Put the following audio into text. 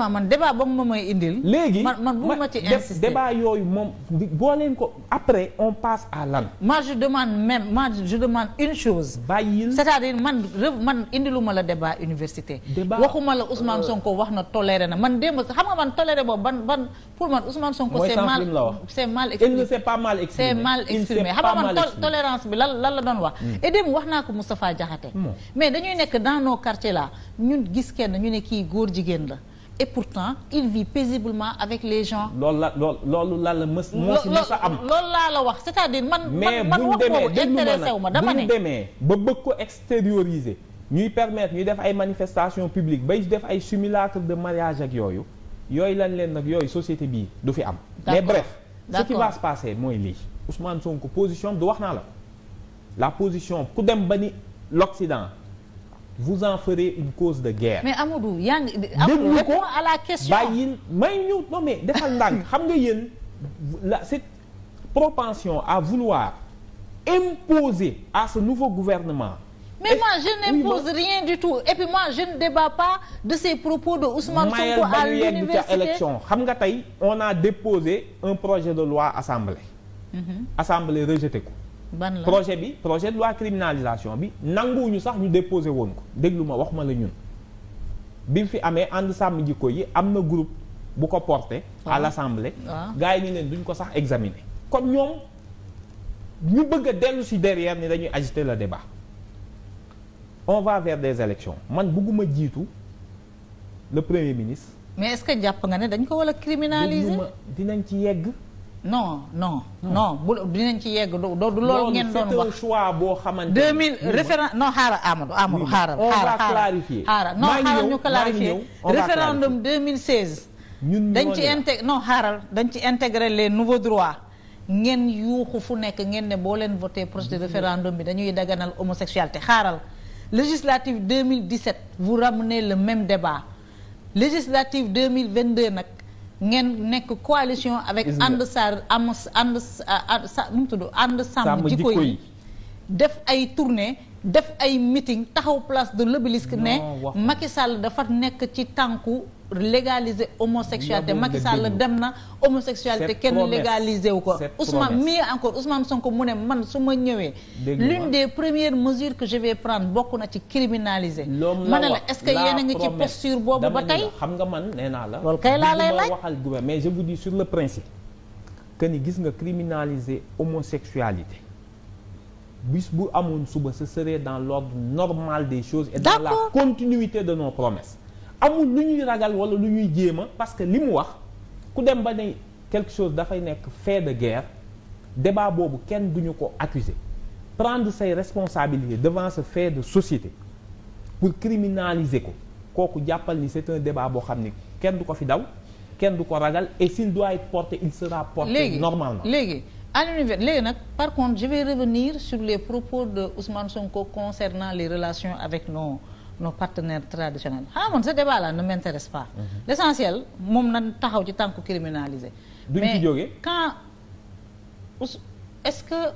waaw man débat boobu moom mooy indil. léegi man man bëgguma ci insister débat yooyu moom boo leen ko après on passe à lan. moi je demande même man je demande une chose. bàyyil c'est-à-dire man man indiluma la débat université. débat waxuma la Ousmane euh, Sonko wax na toléré na man démb xam nga man toléré boobu ban ban pour man Ousmane Sonko. c'est mal c'est mal exprimé. c'est mal exprimé xam nga man tolérance bi lan lan la doon wax. Hmm. et démb wax naa ko Moustapha Diakhaté hmm. mais dañuy nekk dans nos quartiers là ñun gis kenn ñu jigéen la. et pourtant il vit paisiblement avec les gens. loolu la loolu la la mës moo si mës a am loolu laa la wax c'est-à-dire man. man man wax boobu intéressé wu ma dama ne mais bu ba bëgg ko extérioriser. ñuy permettre ñuy def ay manifestations publiques bay def ay simulacre de mariage ak yooyu yooyu lañ leen nag yooyu société bii du fi am. mais bref ce qui va se passer mooy lii Ousmane Sonko position du wax naa la la position ku dem ba ni l'Occident vous en ferez une de guerre. mais Amadou yaa ngi. déglu ko à la question bàyyil may ñu non mais defal ndànk xam nga yéen la cette propension à vouloir imposer à ce nouveau gouvernement. mais moi je n'impose oui, rien du tout et puis moi je ne débat pas de ces propos de Ousmane Sonko à l'université élection tey on a déposé un projet de loi assemblée. Mm -hmm. assemblée ban la projet bi projet de loi criminalisation bi nanguwuñu sax ñu déposé woon ko déglu ma wax ma la ñun bi mu fi amee ànd sàmm jikko yi am na groupe bu ko porté à ah. l'assemblée ah. gars yi ni leen duñ ko sax examiner kon ñoom ñu bëgg a dellu si derrière ni dañuy agiter la débat on va vers des élections man bëgguma jiitu le premier ministre mais est-ce que jàpp nga ne dañ ko wala criminaliser dinañ ci yegg non non non bu dinañ ci yegg do du loolu ngeen doon wax choix boo xamante deux mille référendum non xaaral Amadou Amadou xaaral xaaral non xaaral ñu clarifier référendum 2016 ñun dañ ci intég non xaaral dañ ci intégrer leen nouveaux droits ngeen yuuxu fu nekk ngeen ne boo leen voté projet de référendum bi dañuy daganal homosexualité xaaral deux mille législative 2017 vous ramenez le même débat vingt deux nag ngeen nekk coalition avec ànd sar am ànd sa nu mu tudd ànd sàmm jikko yi def ay tournée def ay meeting taxaw place de l'Obélisque ne Macky Sall dafa nekk ci tànku légaliser homosexualité Macky Sall dem na homosexualité kenn légaliser wu ko Ousmane mieux encore Ousmane Sonko mu ne man su ma ñëwee l'une des première mesures que je vais prendre bokk na ci criminaliser ma ne la est-ce que yéen a ngi ci posture boobu ba tey xam nga man nee naa la loolu kay laa lay laaj waxal mais je vous dis sur le principe que ni gis nga criminaliser homosexualité bis bu amoon suba ce serait dans l'ordre normal des choses et dans la continuité de nos promesses amul lu ñuy ragal wala lu ñuy jéema parce que li mu wax ku dem ba ne quelque chose dafay nekk fait de guerre débat boobu kenn du ñu ko accuser prendre ses responsabilités devant ce fait de société pour criminaliser ko kooku jàppal ni c'est un débat boo xam ni kenn du ko fi daw kenn du ko ragal et s'il doit être porté il sera porté normalement léegi à l'université léegi nag par contre je vais revenir sur les propos de Ousmane Sonko concernant les relations avec nos nos partenaires traditionnels xam ah, nga ce débat là ne m'intéresse pas. Mm moom na taxaw ci tànku criminalisé. duñ ci jógee mais quand est-ce que.